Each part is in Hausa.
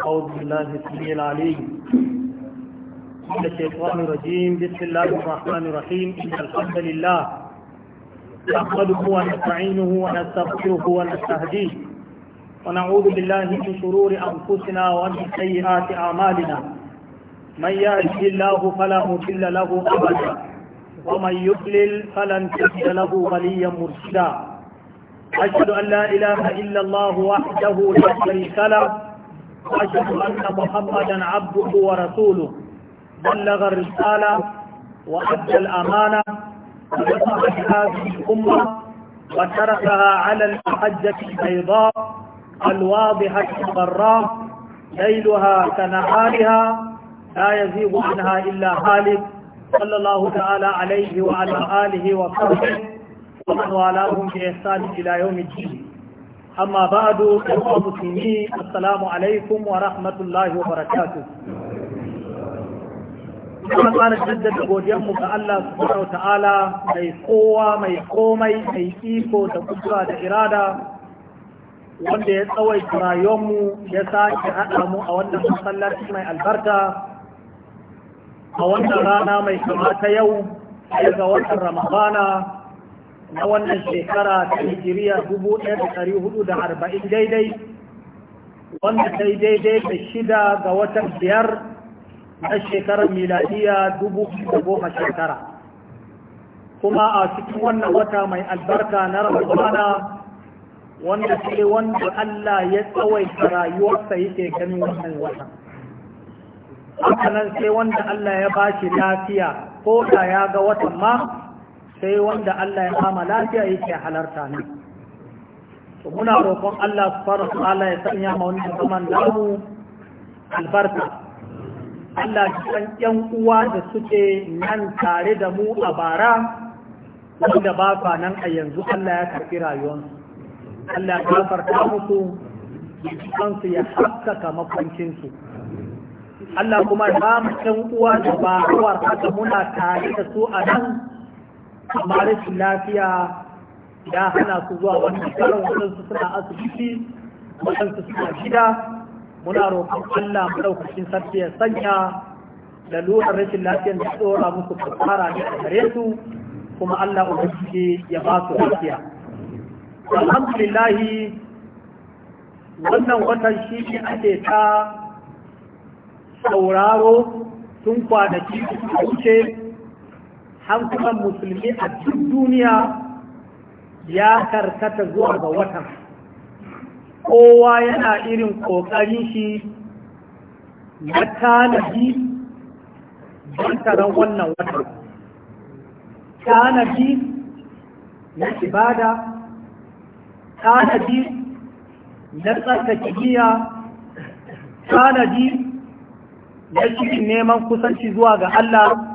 أعوذ بالله السميع العليم من الشيطان الرجيم بسم الله الرحمن الرحيم إن الحمد لله نحمده ونستعينه ونستغفره ونستهديه ونعوذ بالله من شرور أنفسنا ومن سيئات أعمالنا من يهده الله فلا مضل له أبدا ومن يضلل فلن تجد له وليا مرشدا أشهد أن لا إله إلا الله وحده لا شريك له وأشهد أن محمدا عبده ورسوله بلغ الرسالة وأدى الأمانة ونصح هذه الأمة وتركها على المحجة البيضاء الواضحة الضراء ليلها كنهارها لا يزيغ عنها إلا هالك صلى الله تعالى عليه وعلى آله وصحبه ومن والاهم بإحسان إلى يوم الدين أما بعد أيها المسلمين السلام عليكم ورحمة الله وبركاته kuma ƙara jaddada godiyarmu ga Allah subhanahu ta'ala mai kowa mai komai mai iko da kudura da irada wanda ya tsawaita mu ya sake haɗa mu a wannan masallaci mai albarka a wannan rana mai kama ta yau ga watan ramadana na wannan shekara ta hijiriya dubu ɗaya da da arba'in daidai wanda ta yi daidai da shida ga watan biyar na shekarar miladiya 2010 shekara kuma a cikin wannan wata mai albarka na ramadana wanda sai wanda Allah ya tsawaita rayuwarsa yake ganin wannan wata hakanan sai wanda Allah ya ba shi lafiya ko da ya ga watan ma sai wanda Allah ya kama lafiya yake halarta ne to muna roƙon Allah subhanahu wa ta'ala ya sanya mu wannan zaman lamu albarka Allah ya san yan uwa da suke nan tare da mu a bara wanda ba fa nan a yanzu Allah ya karɓi rayuwarsu Allah ya gafarta musu kansu ya haskaka makwancinsu Allah kuma ya ba mu uwa da ba haka muna tare da su a nan amma rashin lafiya ya hana su zuwa wani karon waɗansu suna asibiti waɗansu suna gida muna roƙon Allah maɗaukacin sarki ya sanya lalurar rashin lafiyar da tsora musu kafara ne a gare su kuma Allah ubangiji ya ba su lafiya alhamdulillah wannan watan shi ne ake ta sauraro tun kwanaki wuce kuma musulmi a duk duniya ya karkata zuwa ga watan kowa yana irin ƙoƙarin shi na tanadi don taron wannan watan tanadi na ibada tanadi na tsarkake giya tanadi na cikin neman kusanci zuwa ga Allah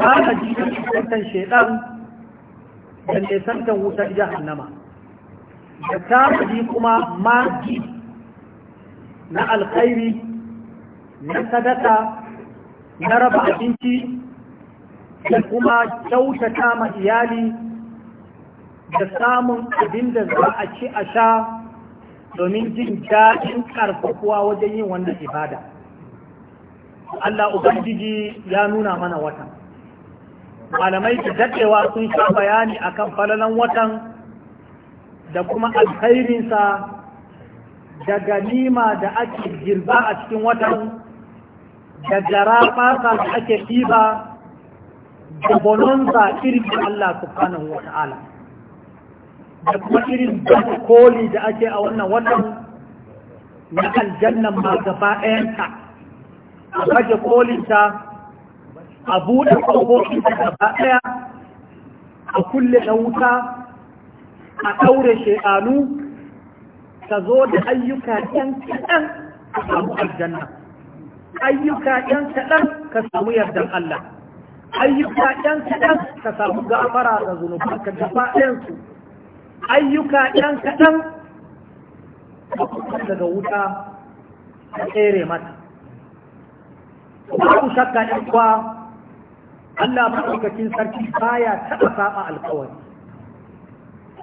fara jikin santan shaidan da nesantan wutar jahannama da ji kuma maji na alkhairi na sadaka na raba abinci da kuma kyautata ma iyali da samun abin da za a ci a sha domin jin daɗin ƙarfafuwa wajen yin wannan ibada. Allah Ubangiji ya nuna mana wata. malamai da daɗewa sun sha bayani akan falalan watan da kuma alkhairinsa da ganima da ake girba a cikin watan da jarafasa da ake ɗiba da bononza irin Allah subhanahu wa ta'ala da kuma irin koli da ake a wannan watan na aljannan ma gaba ɗayanta a baje kolinta a buɗe ƙofofin da gaba ɗaya a kulle na wuta a ɗaure shekaru ka zo da ayyuka ɗan kaɗan ka samu aljanna ayyuka ɗan kaɗan ka samu yardan Allah ayyuka ɗan kaɗan ka samu gafara da zunubar ka gaba ɗayansu ayyuka ɗan kaɗan ka kusa daga wuta ka tsere mata ku shakka ɗan kuwa Allah maɗaukakin sarki baya taɓa saba alkawari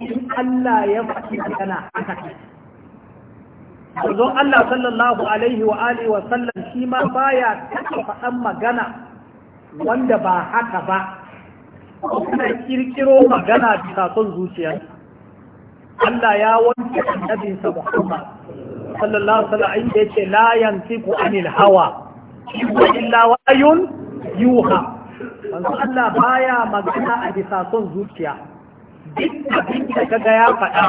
in Allah ya faɗi magana haka Manzon Allah sallallahu alaihi wa alihi wa sallam shi ma ya taɓa faɗan magana wanda ba haka ba kuma kirkiro magana bisa son zuciya Allah ya wanke annabinsa Muhammad sallallahu alaihi wa sallam ce la ku anil hawa illa wayun yuha Wanzu Allah baya magana a bisa son zuciya duk abin da kaga ya faɗa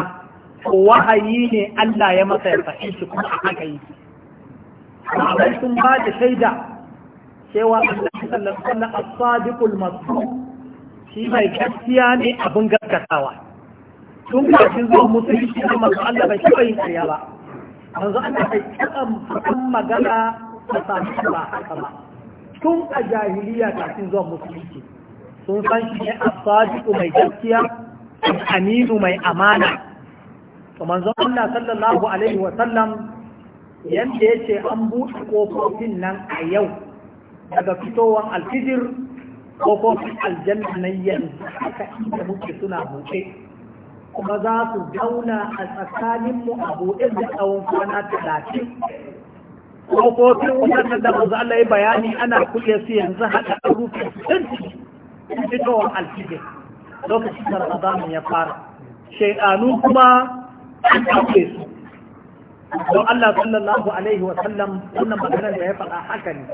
ko wahayi ne Allah ya masa ya faɗi shi kuma haka yi amma sun ba da shaida cewa Allah sallallahu alaihi as-sadiqul masduq shi mai gaskiya ne abin gaskatawa tun kafin zuwa musulunci ne manzo Allah bai taɓa yin ƙarya ba manzo Allah bai taɓa magana a sami ba haka ba tun a jahiliya kafin zuwa musulunci sun san shi ne asadiku mai gaskiya aminu mai amana to manzon Allah sallallahu alaihi wa sallam yanda yace an buɗe kofofin nan a yau daga fitowar alfijir kofofin aljanna na yanzu haka inda muke suna buɗe kuma za su zauna a tsakaninmu a buɗe da tsawon kwana talatin kofofin wutar da manzo Allah ya bayani ana kulle su yanzu haka an rufe sun fitowar alfijir lokacin da Ramadan ya fara shaydanu kuma an kafe su don Allah sallallahu alaihi wa sallam wannan maganar da ya faɗa haka ne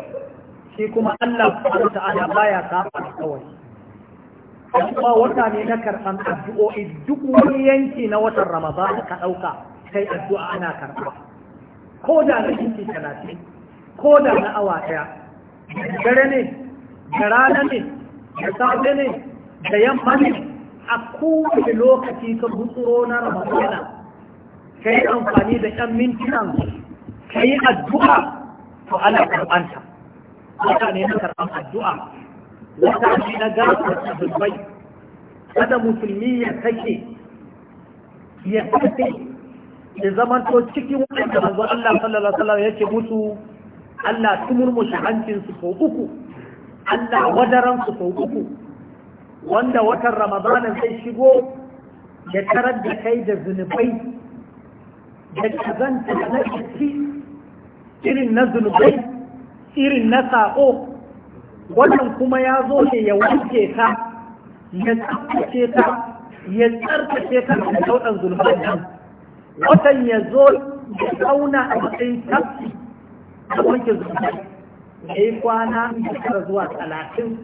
shi kuma Allah subhanahu ta'ala baya saba kawai kuma wata ne na karɓan addu'o'i duk wani yanki na watan Ramadan ka ɗauka sai addu'a ana karɓa ko da na inci talatin ko da na awa ɗaya dare ne da rana ne da safe ne da yamma ne a kowace lokaci ka gutsuro na ramadana ka yi amfani da ɗan mintunan ka yi addu'a to ana karɓanta wata ne na karɓar addu'a wata ne na gafar da dubbai kada musulmi ya take, ya sake ya zamanto cikin da manzo Allah sallallahu alaihi wasallam yake musu Allah tumurmushi hancin su ko uku Allah wadaran su ko uku wanda watan Ramadana sai shigo ya tarar da kai da zunubai da kazanta na ci irin na zunubai irin na sa'o, wannan kuma ya zo ne ya wanke ka ya tsarkake ka ya tsarkake ka da watan ya zo ya zauna a matsayin tafi a wanke zuwa ya yi kwana shekara zuwa talatin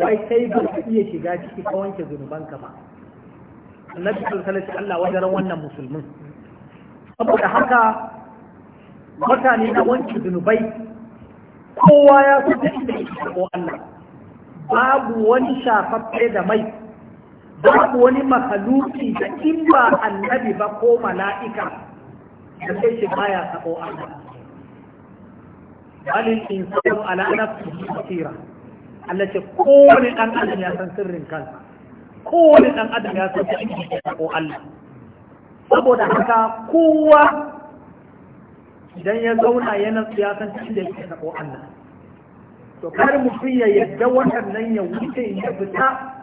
wai sai ba ka iya shiga ciki ka wanke zunubanka ba annabi sallallahu alaihi Allah wajen wannan musulmin saboda haka mutane na wanke zunubai kowa ya san da inda yake ko Allah babu wani shafaffe da mai babu wani makaluki da in ba annabi ba ko mala'ika da sai shi baya sabo Allah balil insanu su yi tsira, Allah ce kowane ɗan adam ya san sirrin kansa kowane ɗan adam ya san sirrin ko Allah saboda haka kowa idan ya zauna yana ya san cikin da yake sako Allah to kar mu fiye yadda wannan ya wuce ya fita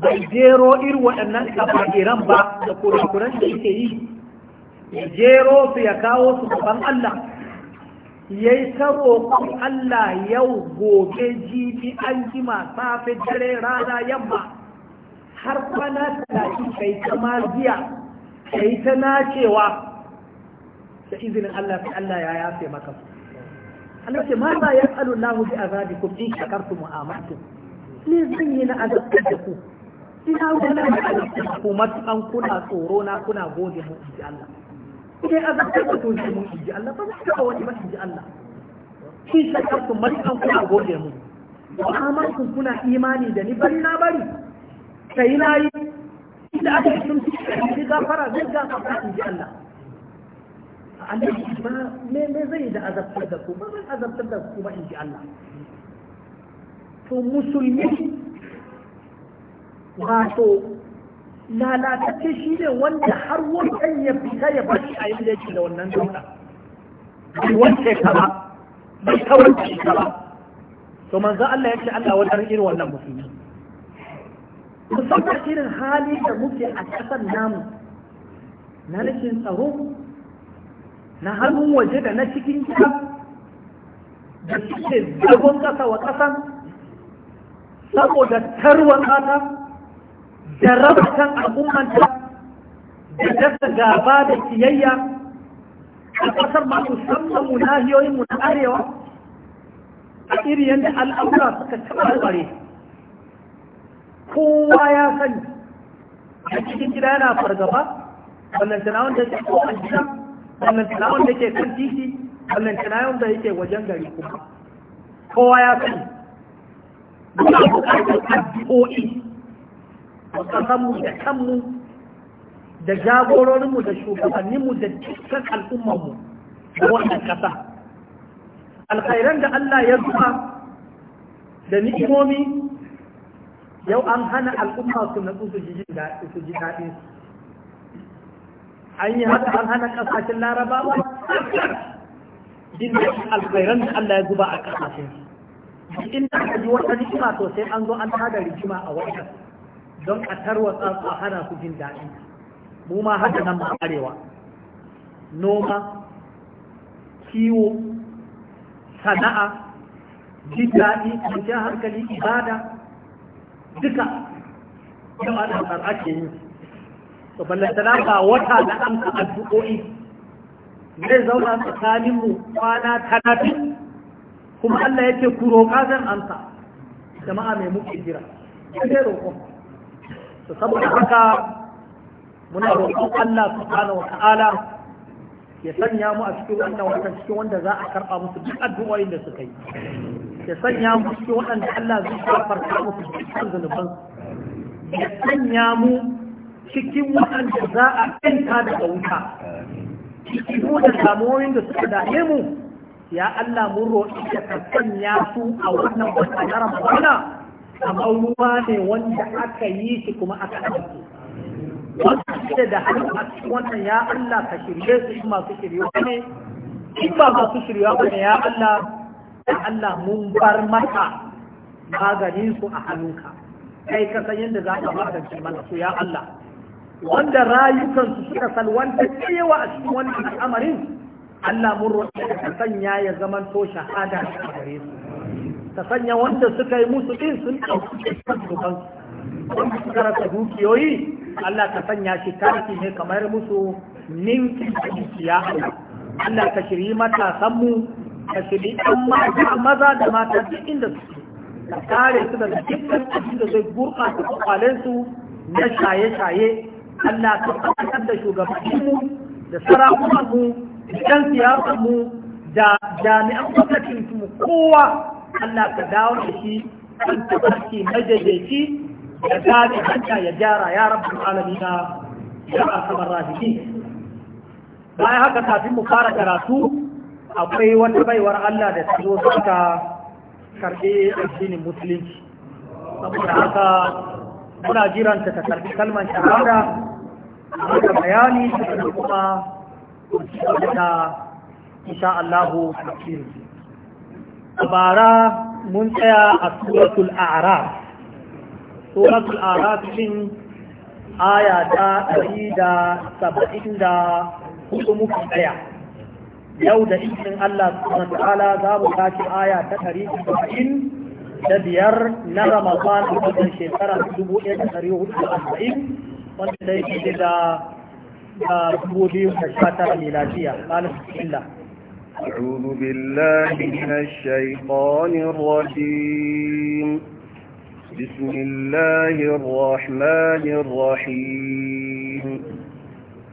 bai jero irin waɗannan kafafiran ba da kurakuran da yake yi ya jero su ya kawo su gaban Allah ya yi saro Allah yau gobe jibi an jima safe dare rana yamma har kwana talatin kai ta maziya ta nacewa da izinin Allah sai Allah ya yafe maka Allah ce ma ba ya tsalu lahu bi azabikum in shakartum wa ne zan yi na azabta da ku ina wannan da halittar ku matukan kuna tsoro na kuna gode mu inji Allah sai azabtar da ku mu inji Allah ba za ka wani ba inji Allah shi sakar ku matukan kuna gode mu mu'amalku kuna imani da ni bari na bari sai na yi inda aka yi sun fi gafara zai gafara inji Allah Allah ba me me zai da azabtar da ku ba zan azabtar da ku ba inji Allah to musulmi wato lalatacce shi ne wanda har wancan ya fita ya bari a yadda yake da wannan dauda bai wance ka ba bai wance ka ba to manzo Allah ya ce Allah wajen irin wannan musulmi saka irin hali da muke a ƙasar namu na rikin tsaro na hannun waje da na cikin gida da suke zagon ƙasa wa ƙasan saboda tarwon ƙasa da raba kan al'ummanta da dasa gaba da kiyayya a ƙasar ma musamman mu nahiyoyin mu na arewa a iri yadda al'amura suka taɓa tsare kowa ya sani a cikin gida yana fargaba wannan tunawan da ke ko a gida wannan tunawan da ke kan titi wannan tunawan da yake wajen gari kuma kowa ya sani muna buƙatar addu'o'i kasanmu da kanmu da jagororinmu da shugabanninmu da cikin al'ummarmu da wannan ƙasa alkhairan da Allah ya zuba da ni'imomi yau an hana al'umma su natsu su ji daɗin an yi haka an hana ƙasashen larabawa jin alkhairan da Allah ya zuba a ƙasashen inda aka ji wata ni'ima to sai an zo an hada rigima a wajen don a tarwatsa a hana su jin daɗi mu ma haka nan ma arewa noma kiwo sana'a jin daɗi kwanciyar hankali ibada duka yau ana ake yi to ballantana ba wata na amsa addu'o'i zai zauna tsakaninmu kwana talatin kuma Allah yake ku roƙa zan amsa jama'a mai muke jira sai roƙon to saboda haka muna roƙon Allah subhanahu wa ta'ala ya sanya mu a cikin wannan watan cikin wanda za a karɓa musu duk addu'o'in da suka yi ya sanya mu cikin waɗanda Allah zai gafarta musu dukkan zunuban. ya sanya mu cikin waɗanda za a ɗanta daga wuta cikin da damuwoyin da suka dame mu ya Allah mun roƙi ka sanya su a wannan wata na Ramadana amma ruwa ne wanda aka yi shi kuma aka ɗauke wanda shi da hannu a cikin wannan ya Allah ka shirye su shi masu shirye ne in ba masu shirye ba ne ya Allah ya Allah mun bar mata maganin su a hannunka kai ka san yadda za a magance mana su ya Allah wanda rayukansu suka salwanta cewa a cikin wannan al'amarin Allah mun roƙe ka sanya ya zama to shahada a gare su ka sanya wanda suka yi musu ɗin sun ɗauki kansu su suka rasa dukiyoyi Allah ka sanya shi tarihi ne kamar musu ninki da dukiya Allah ka shirye matasanmu ka shirye ɗan mata maza da mata duk inda suke ka kare su daga dukkan abin da zai gurɓata su na shaye-shaye Allah ka tabbatar da shugabanninmu da sarakunanmu da ɗan siyasarmu da jami'an su kowa Allah ka dawo da shi kan tabarki majajeci ya gane hanya ya gyara ya rabbul alamina ya arhamar rahimin bayan haka kafin mu fara karatu akwai wata baiwar Allah da ta zo suka karɓi addinin musulunci saboda haka muna jiran ta karɓi kalmar shahada da bayani da kuma kurci da insha Allahu tafsiri a bara mun tsaya a suratul araf suratul araf shin aya ta ɗari da saba'in da hudu muka tsaya yau da ikin Allah subhanahu wa ta'ala za mu tashi aya ta ɗari da saba'in da biyar na Ramadan a wannan shekara dubu ɗaya da ɗari hudu da arba'in wanda da yake da dubu biyu da sha tara miladiya malam bismillah أعوذ بالله من الشيطان الرجيم بسم الله الرحمن الرحيم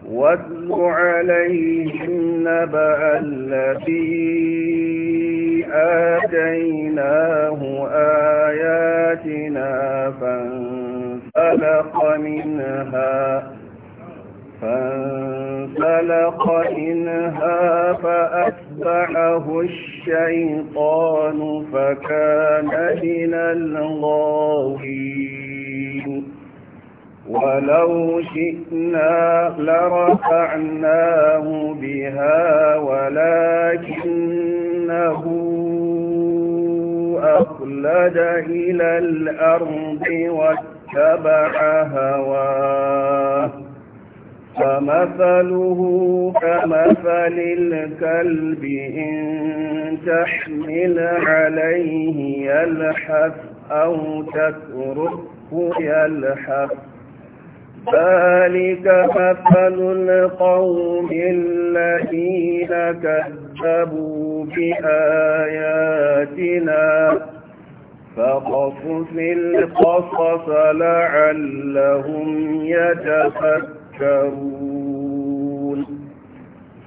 واتل عليهم نبأ الذي آتيناه آياتنا فانسلق منها فانسلق منها فأتى فأتبعه الشيطان فكان من الغاوين ولو شئنا لرفعناه بها ولكنه أخلد إلى الأرض واتبع هواه فمثله كمثل الكلب إن تحمل عليه يلحف أو تتركه يلحف ذلك مثل القوم الذين كذبوا بآياتنا فقصص القصص لعلهم يتفكرون تذكرون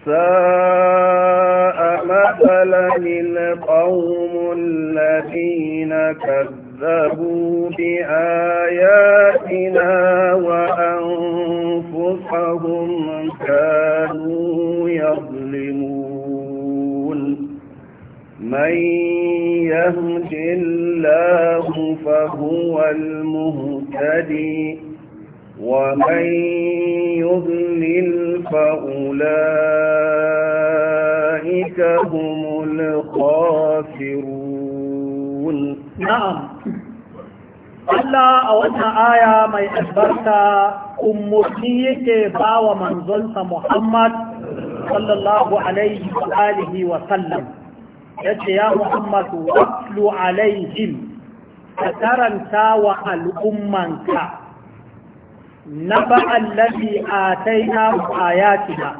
ساء مثلا القوم الذين كذبوا بآياتنا وأنفسهم كانوا يظلمون من يهد الله فهو المهتدي ومن يضلل فأولئك هم الخاسرون نعم الله أولها آية ما يأسبرت أمتيك باو من ظلت محمد صلى الله عليه وآله وسلم يا محمد واتل عليهم فترنت وعلى أمك نبأ الذي آتيناه آياتنا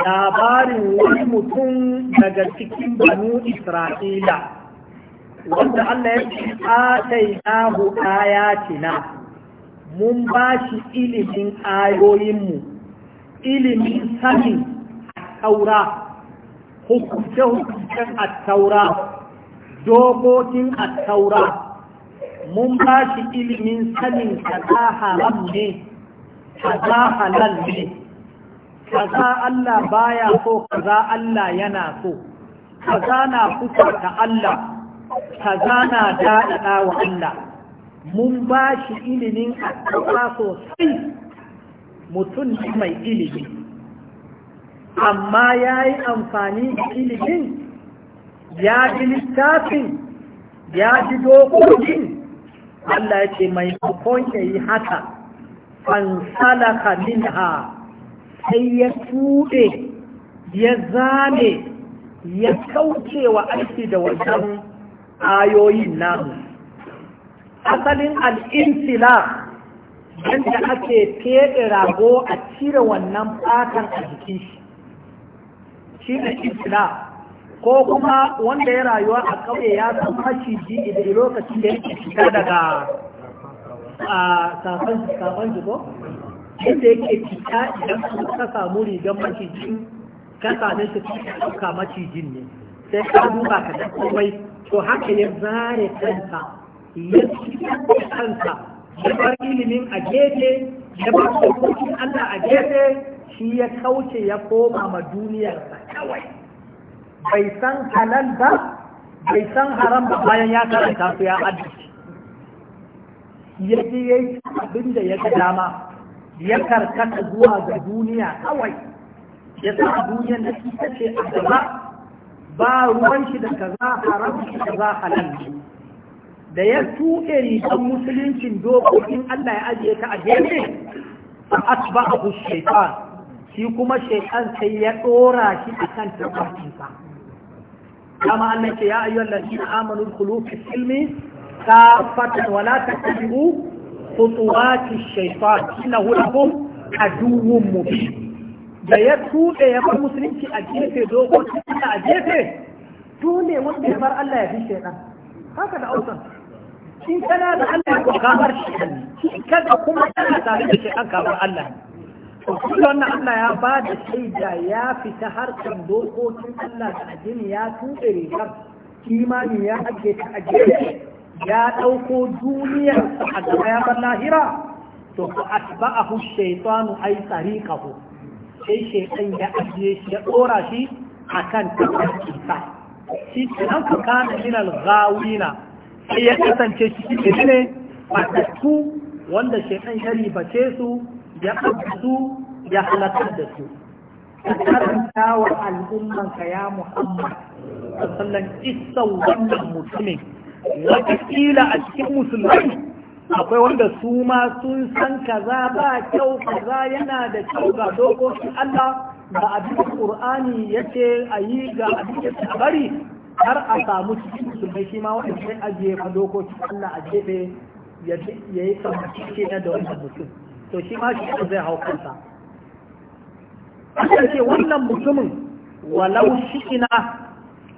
labarin wani mutum daga cikin banu Isra'ila, wanda Allah ya ce, "Atai nahu ayatina, mun ba shi ilimin ayoyinmu, ilimin sanin taura, hukunce-hukuncen taura, dokokin taura, mun ba shi ilimin sanin kaza haram ne kaza halal ne kaza Allah baya so kaza Allah yana so kaza na kusa da Allah kaza na daɗaɗa wa Allah mun ba shi ilimin addu'a sosai mutum mai ilimi amma ya yi amfani da ilimin ya ji littafin ya ji dokokin Allah ya ce mai kakon ya yi haka fansalaka minha sai ya tuɗe ya zane ya kauce wa aiki da wajen ayoyin namu asalin al'insila yadda ake feɗe rago a cire wannan fatan a jikin shi shi da ko kuma wanda ya rayuwa a kauye ya san ji da lokacin da yake fita daga a safan safan jiko inda yake fita idan ka samu rigar macijin ka same shi ka macijin ne sai ka duba ka da komai to haka ya zare kansa ya fita kansa ya bar ilimin a gefe ya bar dokokin Allah a gefe shi ya kauce ya koma ma duniyarsa kawai bai san halal ba bai san haram ba bayan ya karanta su ya addace ya ya yi abin da ya ga dama ya karkata zuwa ga duniya kawai ya sa duniyan da ita ce a gaba ba ruwan shi da ka za haram shi za halal da ya tuke rigar musuluncin dokokin Allah ya ajiye ta a gefe a asba abu shi kuma shaitan sai ya ɗora shi a kan tabbatinsa kama Allah ce ya ayyuhal ladina amanu khulu fi ilmi kafatan wa la tattabi'u khutuwati shaytan innahu lakum aduwwun mubin da ya tuɗe ya bar musulunci a gefe dogon a gefe dole wanda ya bar Allah ya fi shaytan haka da ausan in kana da Allah ko kamar shaytan kada kuma kana tare da shaytan kamar Allah wannan Allah ya ba da shaida ya fita harkar dokokin Allah da addini ya tuɗe rigar kimanin ya ake ta ajiye ya ɗauko duniyar a gaba ya bar lahira to ku atba'ahu tsari ka ku. sai shaitan ya ajiye shi ya ɗora shi akan kan sa shi nan ka kana min al sai ya kasance shi ne fatattu wanda shaitan ya ribace su ya ya halakar da su ka karanta wa al'ummanka ya muhammad sallan isa wannan mutumin wataƙila a cikin musulmai akwai wanda su ma sun san kaza ba kyau kaza yana da kyau ga dokokin Allah da abin Qur'ani yace a yi ga abin da bari har a samu cikin musulmai shi ma wanda sai ajiye dokokin Allah a jefe ya yi kamar shi na da wannan mutum to shi ma shi zai hau kansa aka ce wannan mutumin walau shi'ina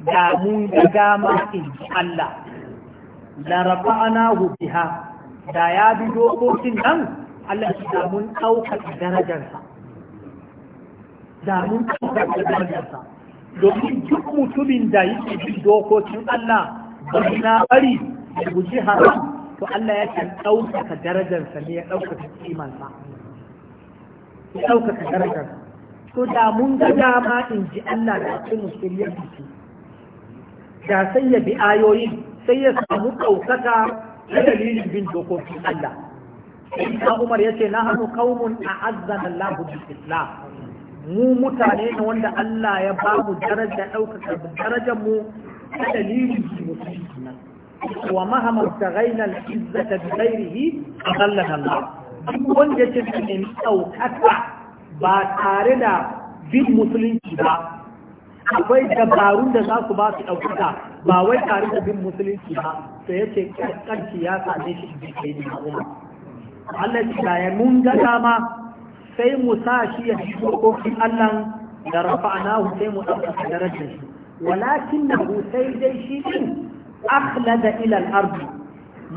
da mun ga dama in ji Allah la rafa'nahu ha, da ya bi dokokin nan Allah shi da mun ɗaukar darajarsa damun mun ɗaukar darajarsa domin duk mutumin da yake bi dokokin Allah ba na bari da guji haram to Allah ya ɗaukaka darajarsa ne ya ɗaukaka kimansa ya ɗaukaka darajarsa to da mun ga dama in ji Allah da ake musuliyar jiki da sai ya bi ayoyin sai ya samu ɗaukaka na dalilin bin dokokin Allah Ina Umar ya ce na hannu kaumun a azzan Allah Islam mu mutane ne wanda Allah ya ba mu daraja ɗaukaka darajar mu ta dalilin musulmi wa mahama tagaina al-izzata bi ghairihi adallana Allah duk wanda yake cikin daukaka ba tare da bin musulunci ba akwai dabarun da za su ba su ɗaukaka ba wai tare da bin musulunci ba to yace kanki ya same shi da kai ne Allah ya ya mun ga dama sai mu sa shi ya Allah da rafa'anahu sai mu ɗaukaka da shi walakin da sai dai shi akhlada da ilal ardi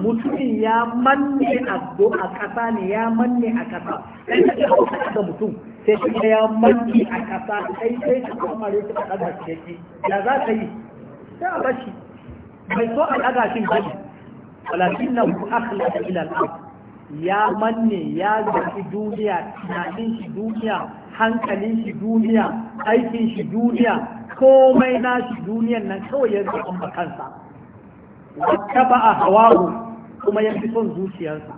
mutumin ya manne abdo a kasa ne ya manne a ƙasa sai ka ɗauka da mutum sai shi ya manne a ƙasa sai sai ka kamare su ka ɗaga shi ya za ka yi sai a bashi bai so a ɗaga shi ba ne walakin nan ku akhla da ilal ardi ya manne ya zafi duniya tunanin shi duniya hankalin shi duniya aikin shi duniya komai na shi duniyan nan kawai ya zaɓan kansa wattaba a hawahu kuma ya fi son zuciyarsa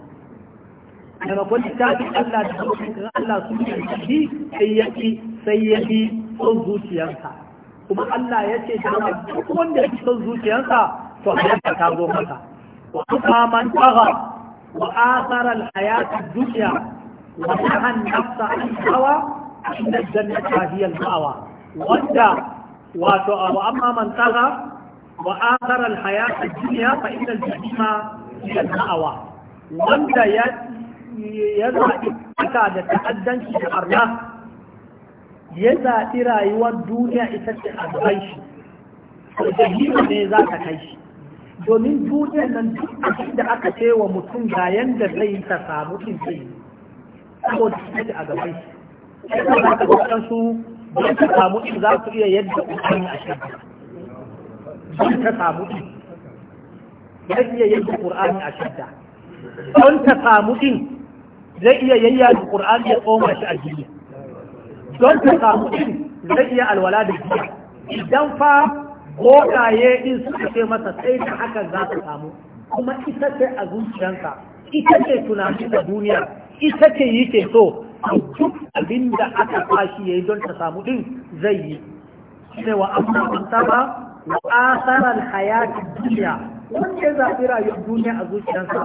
ta fi Allah da hukuncin Allah su yi sai ya fi sai ya fi son zuciyarsa kuma Allah ya ce da duk wanda ya fi son zuciyarsa to hanyar ta zo masa wa kuma man tsaga wa asara al-hayat dunya wa nahan nafsa an hawa inda jannata hiya al-ma'wa wanda wato amma man tsaga وآخر الحياة الدنيا فإن الجحيم هي المأوى wanda ya ya zaɓi haka da ta'addanci da Allah ya zaɓi rayuwar duniya ita ce a kai shi jahima ne za ka kai shi domin duniyar nan duk da aka ce wa mutum ga yanda zai ta samu in zai saboda ita ce a gaban shi ya za ka ga su don su samu in za su iya yadda ƙoƙarin a shirya don ta samu ɗin zai iya yanke ƙur'ani a shadda don ta samu ɗin zai iya yayyaji ƙur'ani ya tsoma shi a jini don ta samu ɗin zai iya alwala da jiya idan fa godaye ɗin suka ce masa sai da hakan za ta samu kuma ita ce a zuciyanka ita ce tunanin da duniya ita ce yake so duk abin da aka fashi ya yi don ta samu ɗin zai yi cewa amma an saba wa asarar hayatin duniya wanda ya zaɓi rayuwar duniya a zuciyarsa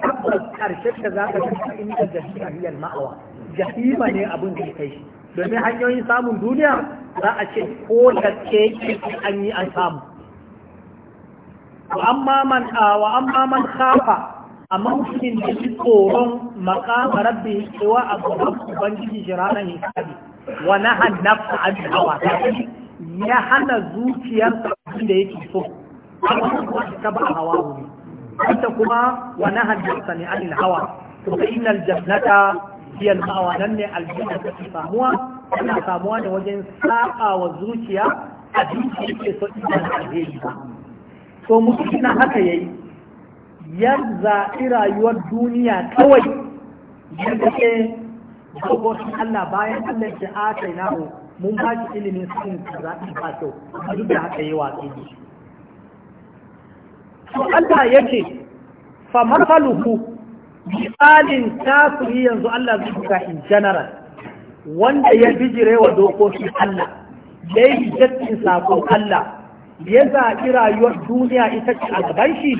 tabbas ƙarshen da za ka tafi inda jahima hiyar ma'awa jahima ne abin da kai shi domin hanyoyin samun duniya za a ce ko da keke an yi an samu wa amma man wa amma man khafa amma mutumin da shi tsoron makama rabbi cewa a da ubangiji jiranan hisabi wa nahan nafsa an hawa ya hana zuciyarsa da yake so ta ba hawa wuri wanda kuma wani hajjarsa an hawa to fa ina jannata hiya al hawa nan ne aljanna ta samuwa tana samuwa da wajen saba wa zuciya a zuciya yake so idan alheri ba to mutum na haka yayi ya zaɓi rayuwar duniya kawai yadda ke dokokin Allah bayan Allah ya ce a mun ba shi ilimin sanin zaɓi ba kyau a duk da haka yi watsi da shi to Allah ya ce fa mafaluhu misalin kafiri yanzu Allah zai buga in general wanda ya bijire wa dokoki Allah ya yi jattin sako Allah ya zaɓi rayuwar duniya ita ce a gaban shi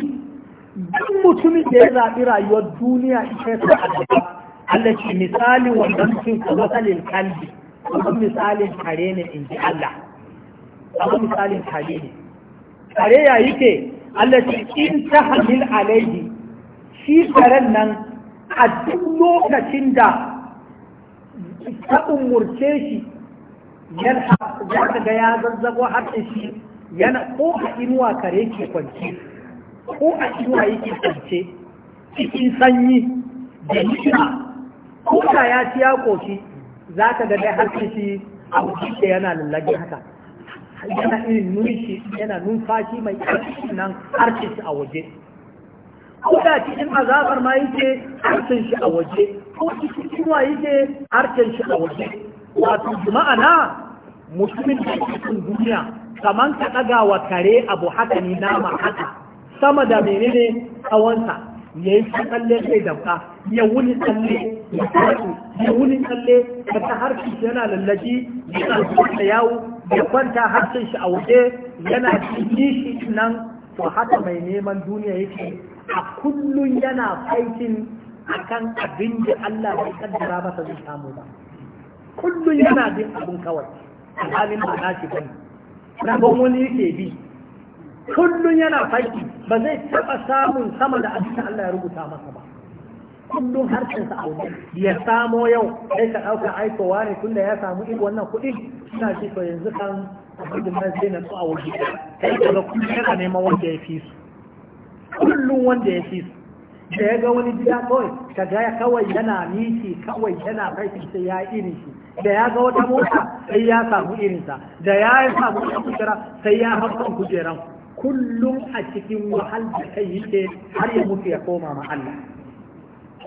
duk mutumin da ya zaɓi rayuwar duniya ita ce a gaban Allah ce misali wannan mutum kamar kalin kalbi amma misalin kare ne in ji Allah amma misalin kare ne kare ya yi ke Allah ce in ta hamil alaihi shi karen nan a duk lokacin da ta umurce shi yana ga ya zazzago harshen shi yana ko a inuwa kare ke kwanci ko a inuwa yake kwance cikin sanyi da nishina ko ta ya ci ya koshi za ka ga dai har shi a wuce yana lullage haka yana irin nunshi yana numfashi mai ƙarfi nan har shi a waje ko da cikin azabar ma yake harshen shi a waje ko cikin kuma yake harshen shi a waje wato juma'a na mutumin da cikin duniya kamar ka ɗaga wa kare abu haka ni nama haka sama da menene tsawonsa ya yi tsalle da dauka ya wuni tsalle ya kwato ya wuni tsalle ka ta harfi yana lallaji yana zuwa yawo ya kwanta harshen shi a waje yana cikin shi nan to haka mai neman duniya yake a kullum yana fighting akan abin da Allah bai kaddara ta zai samu ba kullum yana bin abin kawai alhalin ba na shi bane rabon wani yake bi kullum yana faiki ba zai taɓa samun sama da abin Allah ya rubuta masa ba kullum harshensa a wajen ya samo yau sai ka ɗauka aikowa ne tunda ya samu irin wannan kuɗi ina shi to yanzu kan abin da zai na tsawo waje sai ka ga kullum yana neman wanda ya fi su kullum wanda ya fi su da ya ga wani gida kawai ka ga kawai yana miki kawai yana faiki sai ya irin shi da ya ga wata mota sai ya samu irinsa da ya samu wata kujera sai ya hau kujeran kujeran kullum a cikin wahal da kai yake har ya mutu ya koma ma Allah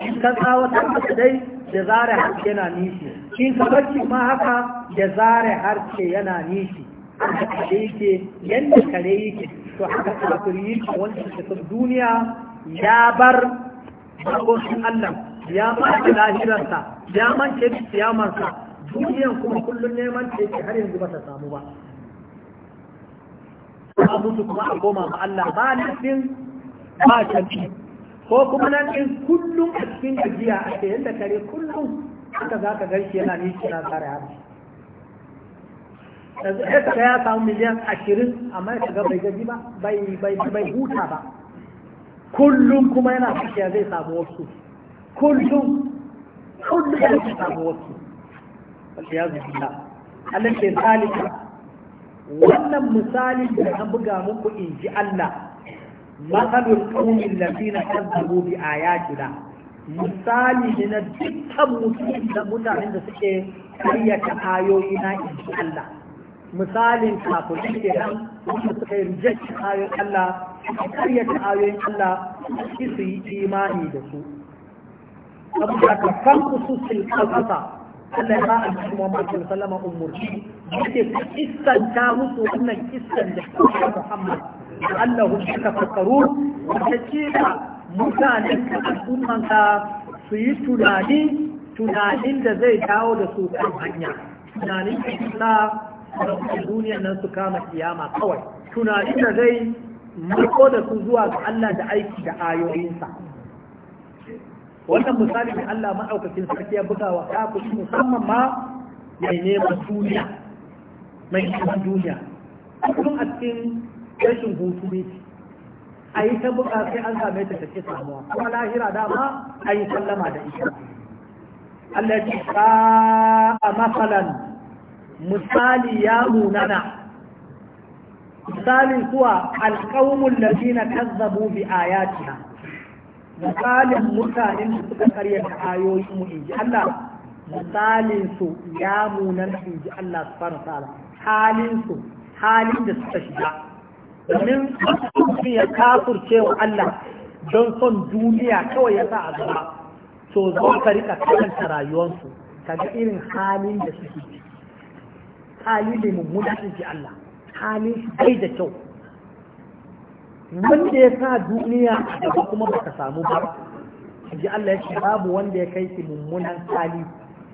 in ka tsawatar masa dai da zare yana nishi in ka bacci ma haka da zare harshe yana nishi da kare yake yadda kare yake to haka wancan cikin duniya ya bar bakon Allah ya manta lahirarsa ya manta kiyamarsa duniyan kuma kullum neman ce har yanzu ba ta samu ba ba mutu kuma a koma ba Allah ba nufin ba shafi ko kuma nan in kullum a cikin gajiya a ke yadda kare kullum haka za ka shi yana ni shi na tsara yanzu ya kaga ya samu miliyan ashirin amma ya kaga bai gaji ba bai huta ba kullum kuma yana fashiya zai samu wasu kullum kullum ya samu wasu ya zubi Allah ke tsalika wannan misali da an buga muku in ji Allah matsalul qaumin ladina kazzabu bi ayatina misali ne na dukkan mutum da mutanen da suke karyata ayoyi na in ji Allah misalin kafirin ke nan wanda suka yi reject ayoyin Allah suka karyata ayoyin Allah su yi imani da su abu da kan kususin kasa Allah ya ba a cikin Muhammad sallallahu alaihi umurci yake kissanta musu wannan kissan da kuma Muhammad da Allah ya tafakkaru da cewa mutanen ka al'umman ka su yi tunani tunanin da zai dawo da su kan hanya tunanin da duniyar nan su kama kiyama kawai tunanin da zai mako da su zuwa ga Allah da aiki da ayoyinsa wannan misali ne Allah maɗaukakin sarki ya buga wa kafin musamman ma ya neman duniya mai neman duniya kuma a cikin rashin hutu ne a yi ta buga sai an same ta take samuwa kuma lahira dama a yi sallama da ita Allah ya ce a masalan misali ya munana misalin kuwa alƙawmun lazina kazzabu bi ayatina misalin mutanen da suka karya da ayoyin mu inji Allah misalin su ya munan inji Allah subhanahu ta'ala halin su halin da suka shiga domin mutum ya kafurce wa Allah don son duniya kawai ya sa a gaba to zo ka rika karanta rayuwarsu kaga irin halin da suke hali ne mummuna inji Allah halin su bai da kyau wanda ya sa duniya a gaba kuma baka samu ba ji Allah ya ce babu wanda ya kai ki mummunan hali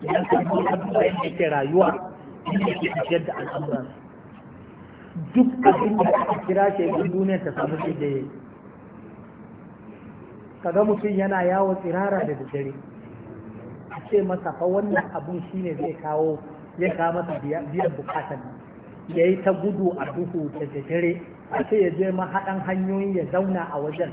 idan ka yi abubuwa yadda ke rayuwa inda ke tafiyar da al'amuran duk abin da aka kira ke yanzu duniya ta samu shi da ka kaga mutum yana yawo tsirara da daddare a ce masa fa wannan abun shine zai kawo zai kawo masa biyan bukatan ya yi ta gudu a duhu da daddare a ce ya je mahaɗan hanyoyi ya zauna a wajen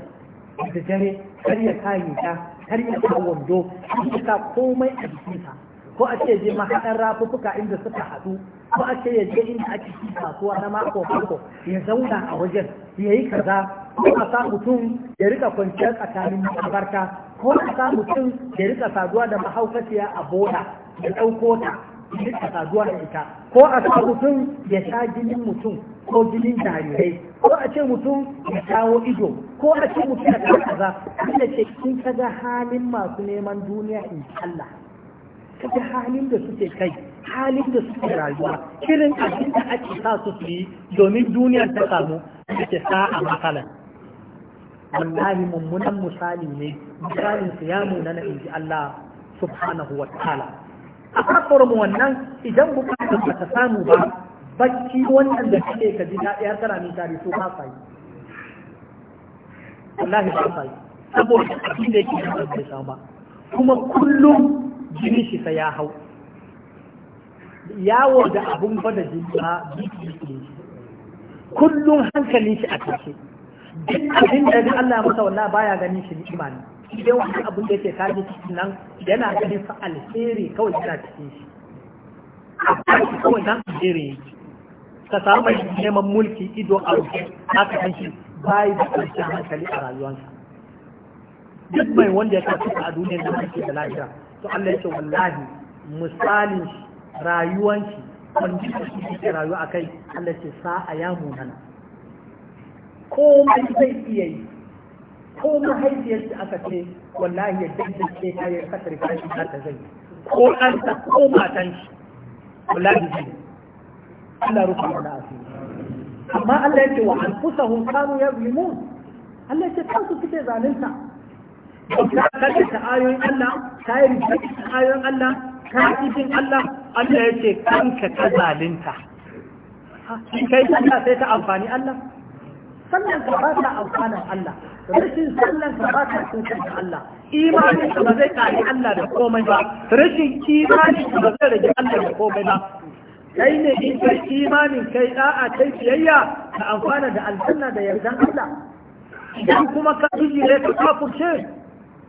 da dare kar ya sa ta kar ya sa wando kar ya komai a jikinsa ko a ce je mahaɗan rafuffuka inda suka haɗu ko a ce ya je inda ake ci kasuwa na mako mako ya zauna a wajen ya yi kaza ko a sa mutum ya rika kwanciyar tsakanin makabarta ko a sa mutum ya rika saduwa da mahaukaciya a boda ya ɗauko ta duka saduwa da ita ko a sa mutum ya sha jinin mutum ko jinin jarirai ko a ce mutum ya shawo ido ko a ce mutum ya kaza kaza Allah ce kin kaga halin masu neman duniya in Allah kaga halin da suke kai halin da suke rayuwa kirin abin da ake sa su su yi domin duniyar ta samu da ke a matsalar wallahi mummunan misali ne misalin su ya nuna na inji Allah subhanahu wa ta'ala a kafar mu wannan idan bukatar ba ta samu ba bacci wannan da kake ka ji daɗi har kana misali so ba sai wallahi ba sai saboda abin da yake da bai samu ba kuma kullum jini shi sai ya hau yawo da abun gwada jini ba ne kullum hankalin shi a kashe duk abin da Allah ya masa wallahi baya ganin shi ni imani shi dai wani abin da yake tare cikin nan yana ganin sa alheri kawai yana cikin shi a kawai nan alheri yake ka samu neman mulki ido a rufe haka kan shi bayi da kwanciyar hankali a rayuwarsa duk mai wanda ya kasu a duniyar da mulki da lafiya to Allah ya ce wallahi misalin shi rayuwar shi wanda shi yake rayuwa akai Allah ya ce sa'a ya munana komai zai iya yi ko mahaifiyarsa aka ce wallahi ya daddace ta ya kasar kashi ta ta zai ko ɗansa ko matan shi wallahi zai Allah rufa mana asiri amma Allah ya ce wa ya kanu yazlimun Allah ya ce kansu suke zalunta ta kashe ta ayoyin Allah ta yi rikici ta ayoyin Allah ta cikin Allah Allah ya ce kanka ta zalunta in kai sallah sai ta amfani Allah Sallar ka ba ta amfanin Allah rashin sannan ka ba ta cutar da Allah imanin ka ba zai kare Allah da komai ba rashin imanin ka ba zai rage Allah da komai ba kai ne in kai imanin kai da'a kai biyayya da amfana da aljanna da yardan Allah idan kuma ka bijire ka kafurce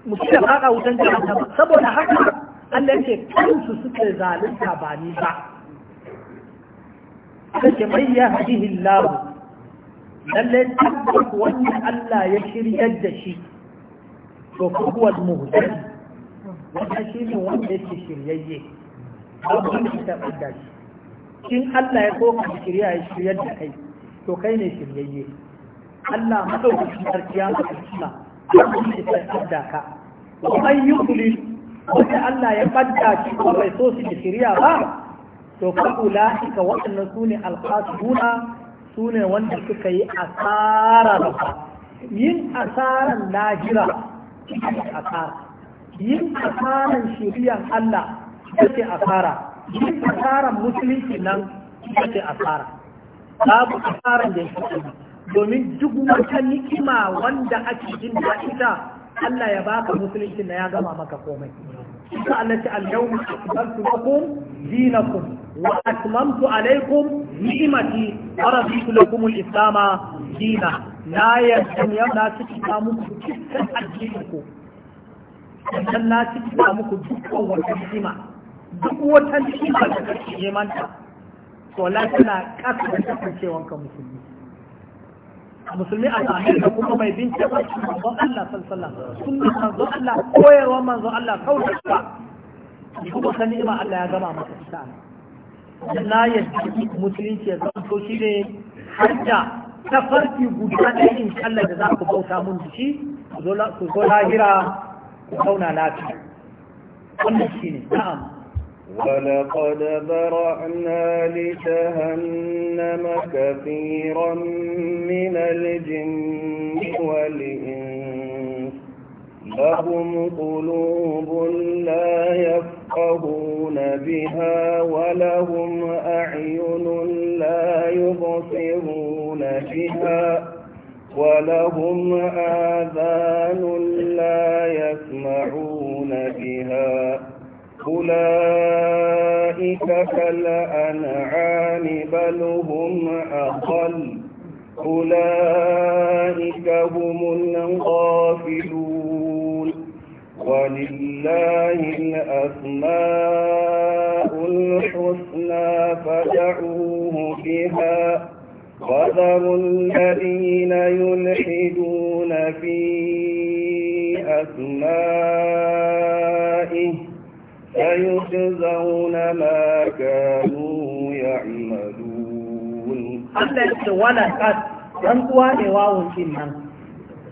mutum ya fada wutan jahannama saboda haka Allah yake kansu suke zalunta ba ni ba mai ya hadihi Allah lallai tabbas wanda Allah ya shiryar da shi to kuwa muhtadi wannan shi ne wanda yake shiryayye babu wanda ya taɓa da shi in Allah ya so ka shirya ya shiryar da kai to kai ne shiryayye Allah madaukakin sarki ya maka suna wanda ya taɓa da ka wa yi yudlil wanda Allah ya ɓadda shi ko bai so shi da shirya ba to ka ula'ika waɗannan su ne alƙasuna su ne wanda suka yi asarar yin asarar lahira asara yin asarar shirin Allah yake asara yin asarar musulunci nan yake asara babu asarar da yake domin duk wata nikima wanda ake jin da ita Allah ya baka musulunci na ya gama maka komai suka allaci al لكم akmaltu lakum dinakum wa atmamtu لكم ni'mati wa raditu lakum al-islam dina na na ku sannan na ciki ta muku dukkan wata ni'ima duk wata ni'ima da kake neman ta to la tana kasa da kasancewanka musulmi musulmi a sami da kuma mai bin taɓa shi manzon Allah sallallahu alaihi sunna manzon Allah koyarwa manzon Allah kawai ba kuma sani ni'ima Allah ya gama masa ita Allah ya ji musulunci ya zama to shi ne hajja ta farki guda ɗaya in Allah da za ku bauta mun da shi ku zo lahira ku zauna lafiya wannan shi ne na'am ولقد برعنا لجهنم كثيرا من الجن والإنس لهم قلوب لا يفقهون بها ولهم أعين لا يبصرون بها ولهم آذان لا يسمعون بها أولئك كالأنعام بل هم أقل أولئك هم الغافلون ولله الأسماء الحسنى فدعوه بها وذر الذين يلحدون في أسمائه يجزون ما كانوا يعملون الله يتولى قد ينقوى لواو كنان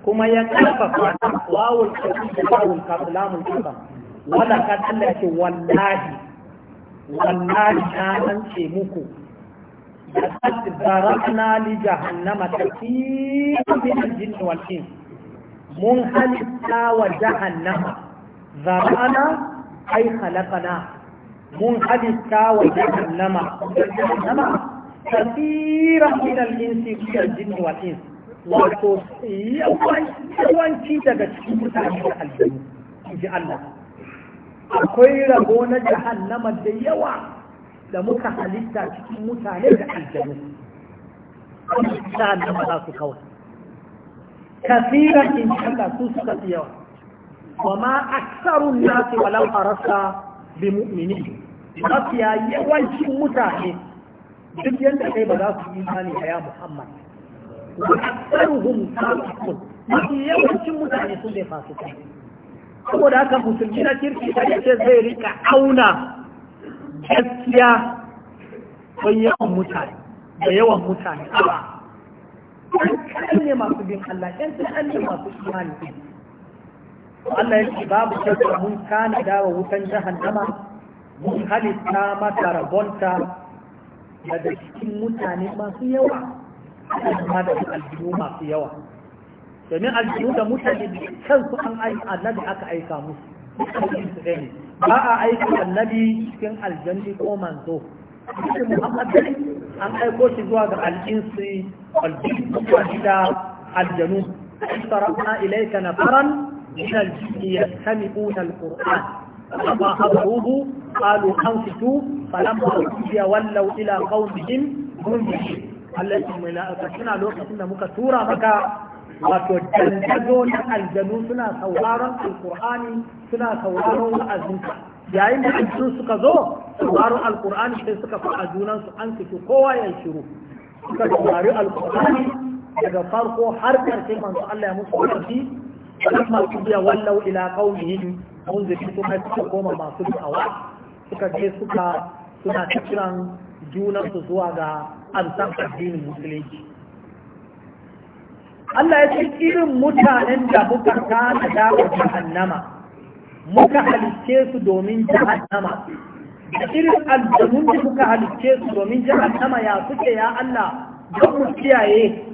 كما يكفى واو الكفر كفلام الكفر ولا قد الله يتولاه والله كان شيمكو لقد ذرأنا لجهنم كثيرا من الجن والإنس mun halitta wa jahannama ai khalaqana mun halitta wa jahannama jahannama kasiran min al-insi wal jinni wal ins wato yawanci daga cikin mutane da aljanu ji Allah akwai rabo na jahannama da yawa da muka halitta cikin mutane da aljanu jahannama za su kawai kasiran in Allah su suka fi yawa wa ma aksarun nasi walau arasta bi mu'mini mafiya yawancin mutane duk yadda kai ba za su yi imani a ya Muhammad wa aksaruhum fasiqun mafi yawancin mutane sun bai fasikai saboda haka musulmi na kirki da yake zai rika auna gaskiya don yawan mutane da yawan mutane ba ne masu bin Allah ɗan ne masu imani Allah ya yake babu shakka mun kana dawa wutan jahannama mun halitta mata rabonta daga cikin mutane masu yawa kuma da aljihu masu yawa domin aljihu da mutane kansu an aiki annabi aka aika musu ba a aiki annabi cikin aljanni ko manzo Muhammad an aiko shi zuwa ga al'insu aljihu da aljanu. Sarafna ilaika na faran. من الجن يستمعون القرآن فما حضروه قالوا أنصتوا فلما أوتي ولوا إلى قومهم منذرين التي ملائكتنا لوقتنا مكثورة مكا wato dandado na aljanu suna sauraron alkur'ani suna sauraron wa'azinka yayin da aljanu suka zo sauraron alkur'ani sai suka fi junansu an fito kowa ya shiru suka tsari alkur'ani daga farko har karshe manzo Allah ya musu wa'azi kuma su biya wallau ila qaumihin munziri suka ci koma masu da'awa suka je suka suna ta kiran junan su zuwa ga amsan addinin musulunci Allah ya ce irin mutanen da muka kana da jahannama muka halicce su domin jahannama da irin aljanun da muka halicce su domin jahannama ya suke ya Allah don mu kiyaye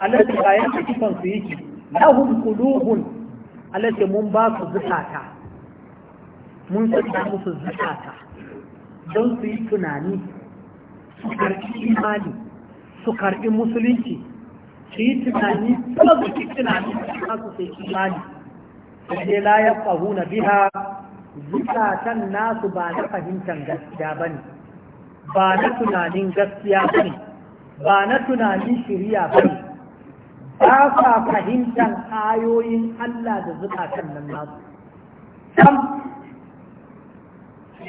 Allah ya bayan cikin su yake lahum kuluhun Allah ce mun ba su zukata mun saka musu zukata don su yi tunani su karɓi imani su karɓi musulunci su yi tunani kuma su yi tunani su sai imani sai la ya na biha zukatan nasu ba na fahimtar gaskiya ba ne ba na tunanin gaskiya ba ne ba na tunanin shirya ba ne ba sa fahimtar ayoyin Allah da zukatan nan nasu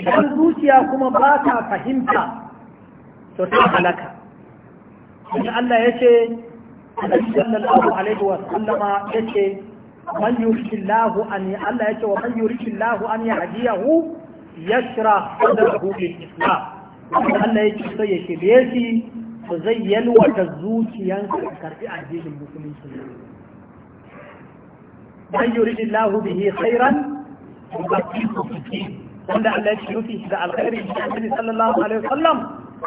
kan zuciya kuma ba sa fahimta to ta halaka in Allah ya ce sallallahu alaihi wa sallama ya ce man yuridillahu an Allah ya ce wa man yuridillahu an yahdiyahu yashra sadrahu lil islam Allah ya ce sai ya shirye shi ba zai yalwata zuciyanka ka karbi addinin musulunci man yuridu Allah bihi khairan yuqaddimu fihi wanda Allah ya nufi da alkhairi da Annabi sallallahu alaihi wasallam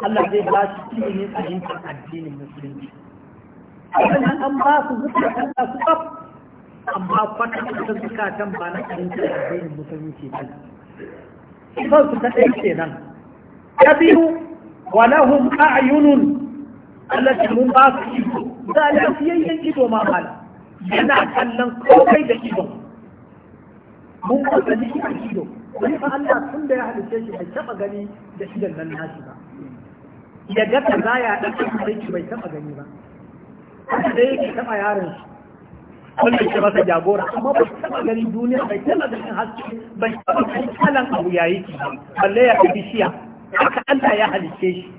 Allah zai ba shi ilimin fahimtar addinin musulunci sannan an ba su zukatan da su kaf amma kwata-kwata zukatan ba na fahimtar addinin musulunci ba kansu ta ɗaya nan. ta biyu ولهم أعين Allah ce mun ba su ido da lafiyayyen ido ma yana kallon da ido mun ba su ji ido wani fa Allah tun da ya shi bai gani da nan nashi ba ya ga bai gani ba yake yaron shi shi masa jagora amma ba duniya bai haske bai kalan abu yayi ki balle ya bishiya haka Allah ya halice shi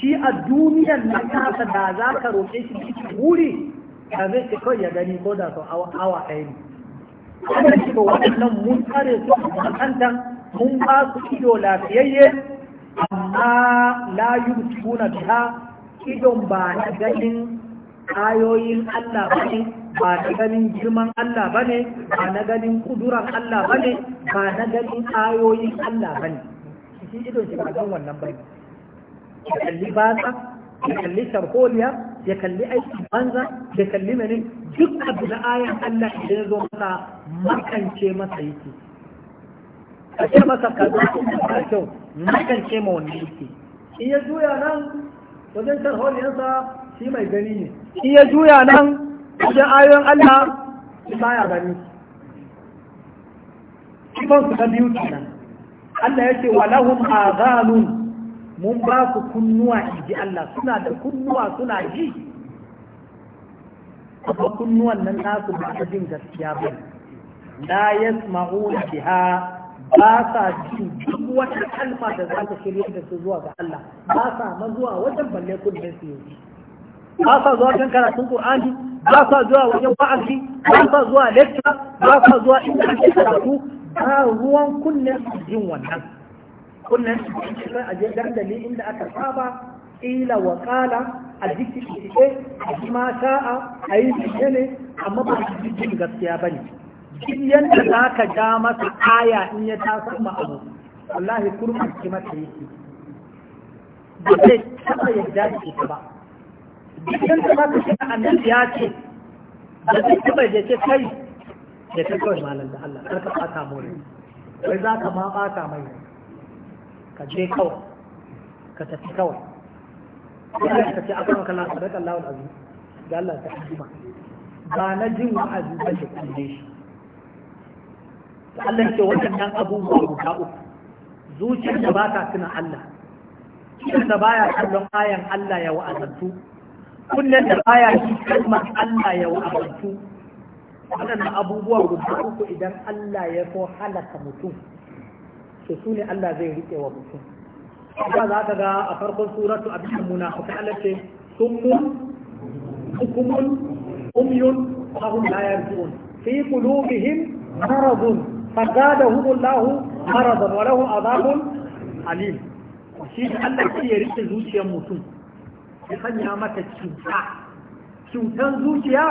shi a duniyar na kasa da za ka roƙe shi cikin wuri da zai ce kawai ya gani ko da sau awa ɗaya ne wannan shi ba waɗannan mun tsare su a makantan mun ba su ido lafiyayye amma la yubtuna biha idon ba na ganin ayoyin Allah ba ne ba na ganin girman Allah ba ne ba na ganin kuduran Allah ba ne ba na ganin ayoyin Allah ba ne shi idon shi ba wannan ba ne ya kalli baka ya kalli sharholiya ya kalli aikin banza ya kalli mene duk abu da ayan Allah da ya zo masa makance masa yake a ce masa kaza da kyau makance ma wanda yake in ya juya nan wajen sharholiyarsa shi mai gani ne in ya juya nan wajen ayoyin Allah baya gani sifan su ta biyu kenan Allah ya ce walahum azanun mun ba su kunnuwa in ji Allah suna da kunnuwa suna ji kuma kunnuwan nan nasu ba su jin gaskiya ba la yasma'u biha ba sa jin duk wata kalma da za ta shirya da su zuwa ga Allah ba sa ma zuwa wajen balle kunnen su yi ba sa zuwa wajen karatun Qur'ani ba sa zuwa wajen wa'azi ba sa zuwa lecture ba sa zuwa inda ake karatu ba ruwan kunne jin wannan kunnen su a je dandali inda aka saba ila wa kala a jiki ike a ji ma sha'a a yi fiye ne amma ba su jikin gaskiya ba ne duk yadda za ka ja masa aya in ya ta ma abu wallahi kurkun ki mata yake ba zai taɓa yadda da ita ba duk yadda za ka ce annabi ya ce ba zai taɓa yadda ke kai da ta kawai malam da Allah kar ka ɓata mu wai za ka ma ɓata mai ka je kawai ka tafi kawai ya ka ce akwai kallon sadaka Allah wal azim da Allah ta hikima ba na jin wa'azi ba ke kalle shi Allah ke waɗannan abubuwa guda uku zuciyar da ba ta tuna Allah idan da baya kallon ayan Allah ya wa'azantu kullum da baya shi kalmar Allah ya wa'azantu waɗannan abubuwa guda uku idan Allah ya so halaka mutum to su ne Allah zai riƙe wa mutum ba za ka ga a farkon suratu a abin da munafiqun Allah ce summun hukumun umyun fahum la yarji'un fi qulubihim maradun fazadahum Allah maradan wa lahum adhabun alim shi Allah ke ya rike zuciyar mutum ya sanya mata cuta cutan zuciya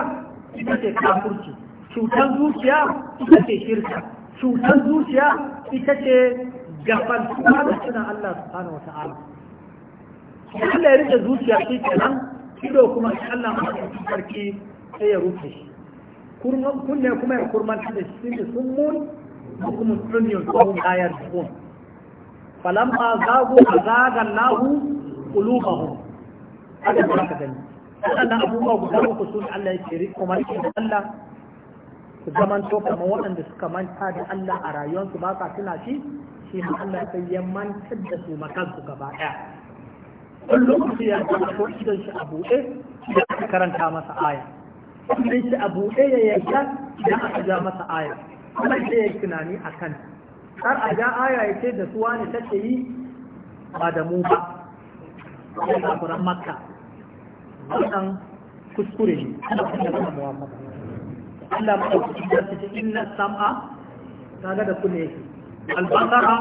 ita ce kafirci cutan zuciya ita ce shirka cutar zuciya ita ce gafantuwa da suna Allah subhanahu wa ta'ala Allah ya rike zuciya shi kenan ido kuma shi Allah ma ya sarki sai ya rufe shi kunne kuma ya kurmanta da shi ne sun mun hukumun tsuniyon tsohon ayar tsohon falamma zagu a zagan lahu ƙulubahu a da ka gani waɗannan abubuwa guda uku sun Allah ya ce rikon marke da Allah su zaman to kamar waɗanda suka manta da Allah a rayuwarsu ba sa tuna shi shi ne Allah sai ya mantar da su makansu gaba ɗaya kullum su ya zama ko idan shi a buɗe da aka karanta masa aya idan shi a buɗe ya yarda da aka ja masa aya kuma sai ya yi tunani a kan har a ja aya ya ce da su wani take yi ba da mu ba ya kafuran makka wannan kuskure ne ana kuma da muwaffaka Allah ma ɗauki da su cikin na sam'a kaga da kunne yake albasara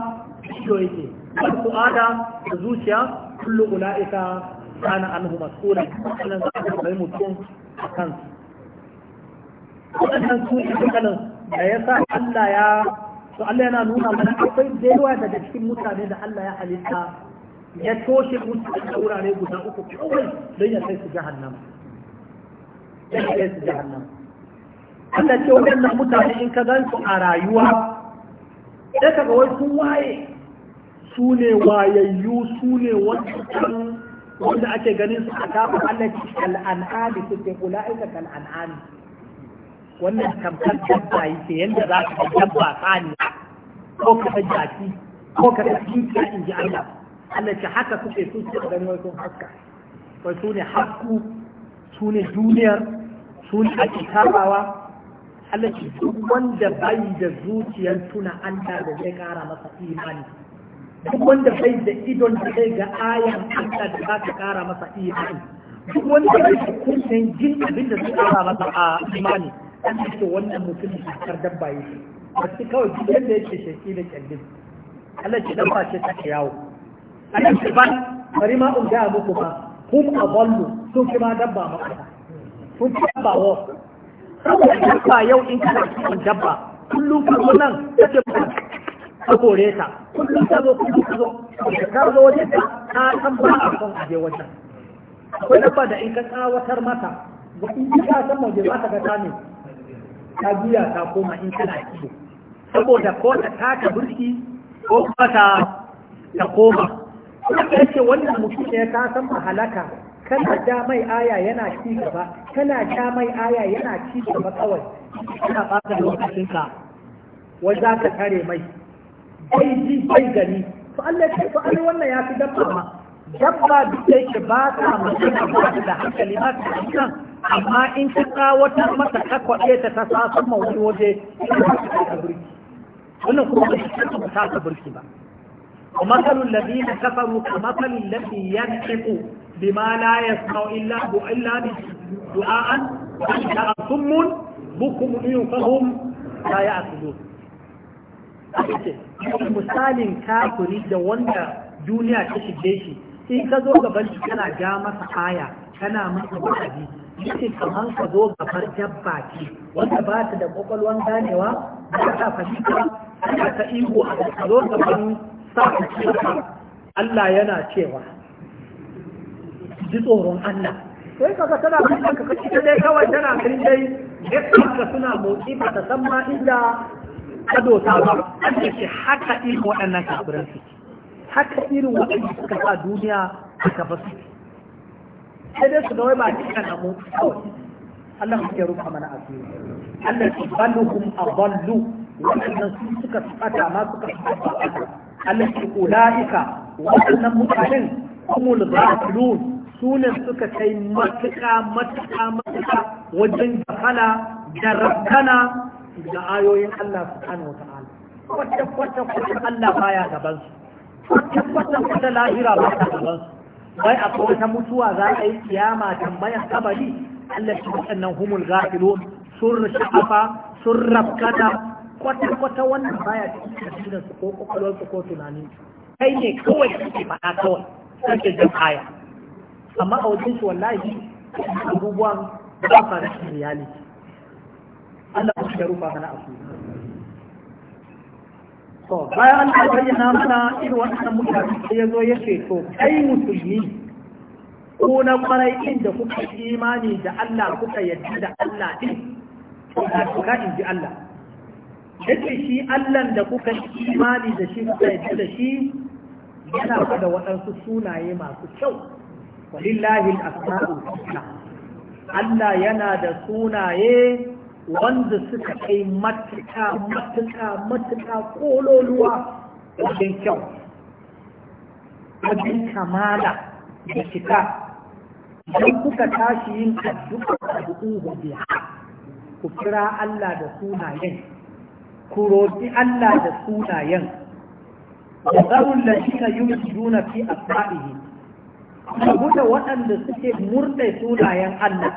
ido yake wal fu'ada da zuciya kullu ulaika kana anhu mas'ula wannan za ka bai mutum a kansu wannan su ne dukkanin da yasa Allah ya to Allah yana nuna mana akwai da daga cikin mutane da Allah ya halitta ya toshe musu da wurare guda uku kawai don ya kai su jahannama ya kai su jahannama Allah ce waɗannan mutane in ka gan su a rayuwa sai ka kawai sun waye su ne wayayyu su ne wanda ake ganin su a kafa Allah ce kal'an'ani su ce ula'ika kal'an'ani wannan tamkar dabba yake yadda za ka dabba tsani ko ka ta jaki ko ka ta kinka in ji Allah Allah ce haka suke su su ganin wai sun haska wai su ne hasku su ne duniyar su ne ake tabawa Allah ce duk wanda bai da zuciyar tuna Allah da zai kara masa imani duk wanda bai da idon da zai ga ayan Allah da za ta kara masa imani duk wanda bai da kunnen jin abin da zai kara masa a imani an ce wannan mutum kar dabba yake wasu kawai duk yadda yake shaki da kyallin Allah ce dabba ce ta yawo Allah ce ba bari ma in ga muku ba hum aballu sun fi ma dabba makasa sun fi dabba wasu dabba yau in kana kiwon dabba kullum ka zo nan ka ce ka kore ta kullum ta zo kullum ka zo ta zo wajen ta ta san ba a son aje wajen akwai dabba da in ka tsawatar mata ba in ta san waje za ta ga ta ne ta juya ta koma in kana kiwo saboda ko ta taka burki ko kuma ta koma. Kuma ta ce wannan mutum ne ta san halaka kana ja mai aya yana ci gaba kana ja mai aya yana ci gaba kawai kana baka lokacin ka wai za ka tare mai bai ji bai gani to Allah ce to ai wannan ya fi dabba ma dabba duk da yake ba ta magana ba da hankali ba ta kan amma in ka tsawatar mata ka kwaɗe ta ta sa ma wani waje ta burki wannan kuma ba ta ta burki ba ومثل الذين كفروا كمثل الذي ينفق bima la yasma'u illa bu illa bi du'a'an da summun bukum uyun fahum la ya'qilun ake misalin kafiri da wanda duniya ta shige shi in ka zo gaban shi kana ja masa aya kana masa wa'azi yake kamar ka zo gabar dabba ce wanda ba ta da kwakwalwan ganewa ba ta fahimta ba ta iko a zo gaban sa Allah yana cewa ji tsoron Allah sai kaga tana kallon ka kaci ta dai kawai tana ganin dai yadda suna motsi ba ta san ma inda ka dota ba Allah ce haka irin waɗannan kafiran su haka irin waɗanda suka sa duniya a gaba su sai dai su ga wai ba cikin na motsi kawai Allah ya rufa mana asiri Allah ya a ballu. waɗannan su suka tsaka ma suka tsaka Allah ya ulaika waɗannan mutanen kumul ghafilun sunan suka kai matuƙa matuƙa matuƙa wajen gafala da rakkana da ayoyin Allah subhanahu wa ta'ala kwata kwata kwata Allah baya gaban su kwata kwata kwata lahira ba ta gaban su bai akwai wata mutuwa za a yi kiyama tambayan kabari Allah shi waɗannan humul gafilun sun shafa sun rafkana kwata kwata wannan baya cikin tasirin su ko kwakwalwar su ko tunanin kai ne kawai kake faɗa kawai kake jin aya amma a wajen su wallahi abubuwan ba sa da shi reality Allah ya rufa mana asu to bayan Allah ya bayyana mana irin wannan mutane sai ya zo yake to kai musulmi ko na kwarai inda da kuka imani da Allah kuka yadda da Allah din to da kuka in ji Allah yake shi Allah da kuka imani da shi kuka yadda da shi yana da waɗansu sunaye masu kyau walillahi al husna Allah yana da sunaye wanda suka kai matuka matuka matuka kololuwa wajen kyau wajen kamala da cika don kuka tashi yin addu'a a du'uhu biya ku kira Allah da sunayen ku roƙi Allah da sunayen da zarun da shi na yi fi asma'ihi rabu waɗanda suke murɗe sunayen Allah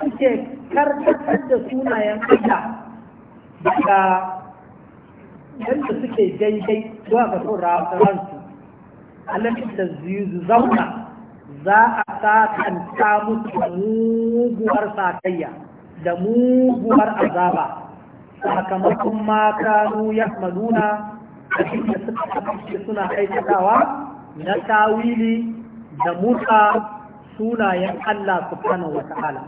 suke karkatar da sunayen Allah daga yadda suke daidai zuwa ga ransu alamin da zauna za a sakanta musu da muguwar sakayya da muguwar azaba sakamakon mata nu ya maluna a cikin suna aikatawa na tawili da musa sunayen Allah subhanahu ta'ala.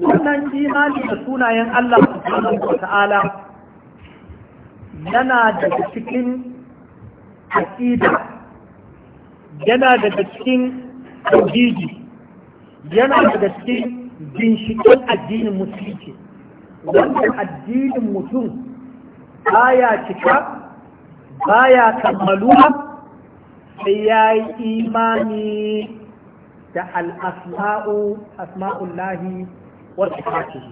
wannan imani da sunayen Allah subhanahu ta'ala yana daga cikin aƙida yana daga cikin tauhidi yana daga cikin ginshiƙin addinin musulunci wannan addinin mutum baya cika baya kammaluwa sai ya yi imani da al'asma'u asma'ullahi wasu kashi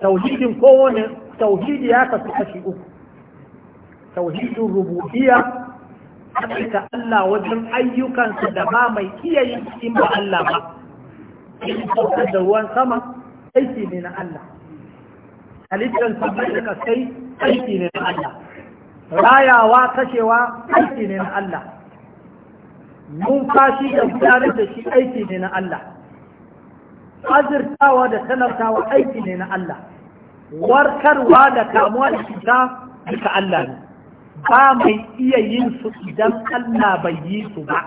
tauhidin kowane tauhidi ya kasu kashi uku tauhidin rububiya ta Allah wajen ayyukansa da ba mai iya in ba Allah ba in da ruwan sama aiki ne na Allah halittar sabbin da kasai aiki ne na Allah rayawa kashewa aiki ne na Allah numfashi da gudanar da shi aiki ne na Allah azirtawa da sanartawa aiki ne na Allah warkarwa da kamuwa da cuta duka Allah ne ba mai iya yin su idan Allah bai yi su ba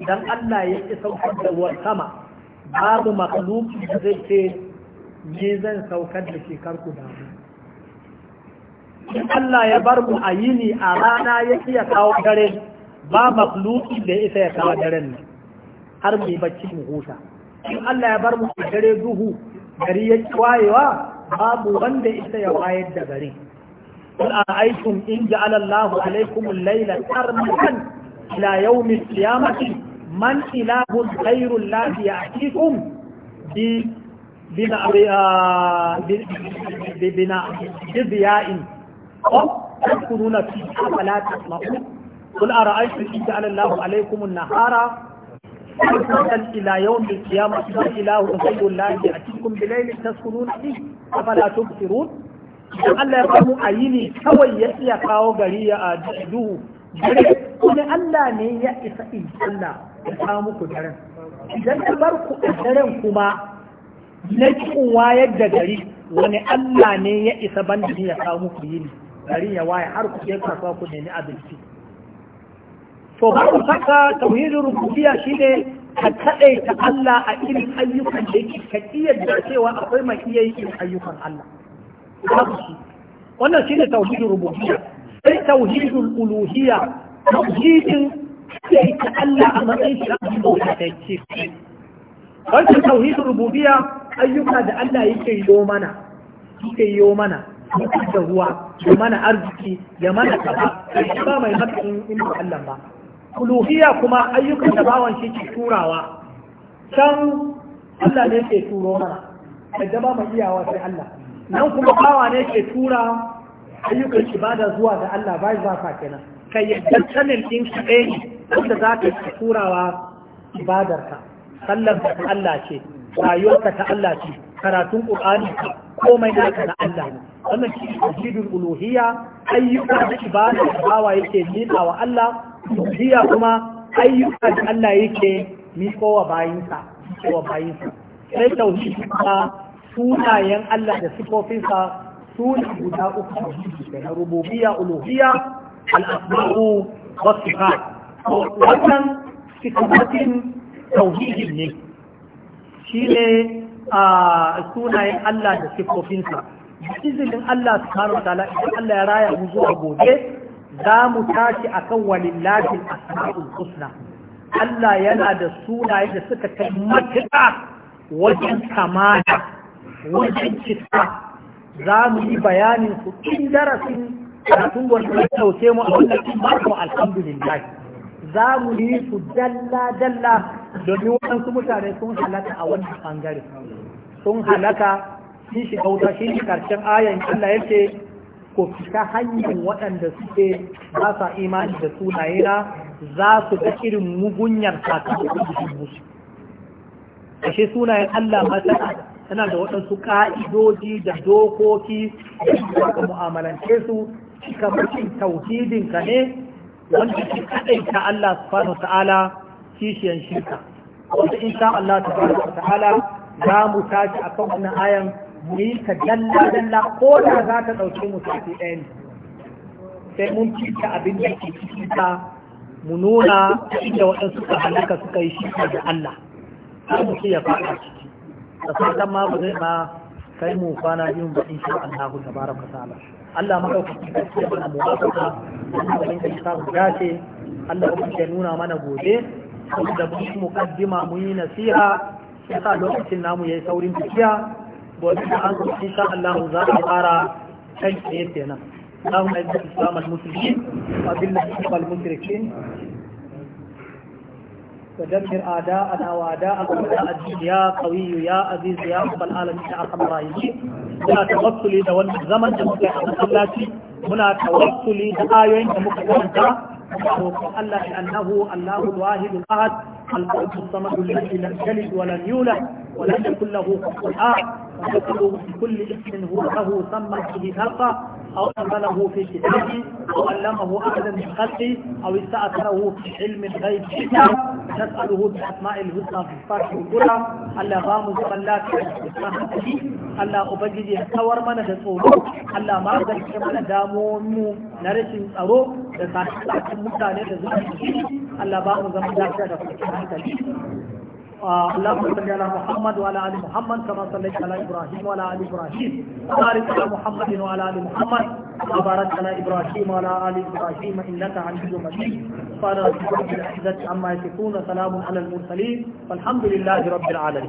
idan Allah ya ƙi saukar da sama babu makaluki da zai ce zan saukar da shekar ku damu in Allah ya bar mu a yini a rana ya iya kawo dare ba makhluki da isa ya kawo daren nan har mu bacci mu huta in Allah ya bar mu a dare duhu gari ya ci ba babu wanda isa ya wayar da gari kun a aikin in ji alallahu alaikum laila tsarnukan ila yawmi qiyamati man ilahu lafiya ladhi ya'tikum bi bina bi bi تذكرون فيه alaikum تسمعون قل أرأيتم إن جعل الله عليكم النهار تذكرون إلى يوم القيامة إله غير الله يأتيكم بليل تسكنون فيه أفلا تبصرون idan Allah ya faru a yi kawai ya iya kawo gari ya a duhu dare kuma Allah ne ya isa in Allah ya kawo muku daren idan ya bar ku daren kuma na cikin wayar da gari wani Allah ne ya isa ban da ya kawo muku yini gari ya waye har ku je kasuwa ku nemi abinci to ba ku saka tauhidin rububiyya shine ka kadaita Allah a irin ayyukan da yake ka kiyarda cewa akwai mai iya yi irin ayyukan Allah babu shi wannan shine tauhidin rububiyya sai tauhidin uluhiyya tauhidin kadaita Allah a matsayin shi abin da ta ce wannan tauhidin rububiyya ayyuka da Allah yake yi mana yake yi mana mutum da ruwa ya mana arziki ya mana kafa shi ba mai matsayin inda Allah ba Kuluhiya kuma ayyukan da bawan shi ke turawa can Allah ne ke turo mana da ba mai iyawa sai Allah nan kuma bawa ne ke tura ayyukan ibada zuwa ga Allah ba za ka kenan kai yadda sanin din shi ɗaya ne wanda za ka turawa ibadarka sallar ta Allah ce rayuwarka ta Allah ce karatun Qur'ani komai naka na Allah ne wannan shi tauhidul uluhiyya ayyuka da ibada da bawa yake nuna wa Allah uluhiyya kuma ayyuka da Allah yake miko wa bayinsa wa bayinsa sai tauhidi kuma sunayen Allah da sifofinsa sun guda uku da na rububiyya uluhiyya al-asma'u wa sifat wannan sifatin tauhidin ne shine a ah, sunayen Allah da sifofinsa da izinin Allah subhanahu wa ta'ala idan Allah ya raya mu zuwa gobe za mu tashi akan walillahi asma'ul husna Allah yana da sunaye da suka kai matuƙa wajen kamata wajen cika za mu yi bayanin su in darasin karatun wanda ya dauke mu a wannan barko alhamdulillah za mu yi su dalla dalla domin waɗansu mutane sun halaka a wannan bangare sun halaka shi shi kauta shi ne karshen ayan Allah ya ce ko fita hanyar waɗanda suke ba sa imani da sunayena za su ga irin mugunyar sakamakon da musu ashe sunayen Allah mata tana da waɗansu ƙa'idoji da dokoki da ka mu'amalance su cika mutum tauhidin ka ne wanda shi kaɗai ta Allah subhanahu wa ta'ala kishiyan shirka wanda in sha Allah subhanahu wa ta'ala za mu tashi akan wannan ayan mu ka dalla dalla ko da za ta ɗauke mu sati ɗaya ne sai mun cika abin da ke ciki ta mu nuna inda waɗansu suka halaka suka yi shi da Allah sai mu ya faɗa ciki da fatan ma ba zai ma kai mu kwana biyun ba insha Allah tabaraka ta'ala Allah madaukakin sarki mana muwafaka Allah ya ta guda ce. Allah ke nuna mana gobe da mu mukaddima mu yi nasiha sa lokacin namu yayi saurin tafiya wadda an su fi sha Allah za a fara kai tsaye kenan za mu aiki islam al-musulmi a billa islam al-musulmi da dakir ada ana wada a kuma da ajiyu ya kawiyu ya aziz ya kuma alamin da aka marayi muna tawassuli da wannan zaman da muka yi a masallaci muna tawassuli da ayoyin da muka karanta roƙon Allah ya annahu Allahu wahidul ahad al-samadul ladzi lam yalid wa lam yulad wa lam yakul lahu kufuwan ahad يقتله كل اسم هو له سمى به خلقه أو أنزله في كتابه أو علمه أحدا من خلقه أو استأثره في علم الغيب نسأله بأسماء الحسنى في الفرح والقرى ألا بامز من لا ألا أبجد يتصور من تسوله ألا ما أزل كمن دامون نرسل أرو da sakamakon mutane da zuwa Allah ba mu zama lafiya da اللهم صل على محمد وعلى ال محمد كما صليت على ابراهيم وعلى ال ابراهيم وبارك على محمد وعلى ال محمد وبارك على ابراهيم وعلى ال ابراهيم انك حميد مجيد قال رب العزه عما يصفون سلام على المرسلين والحمد لله رب العالمين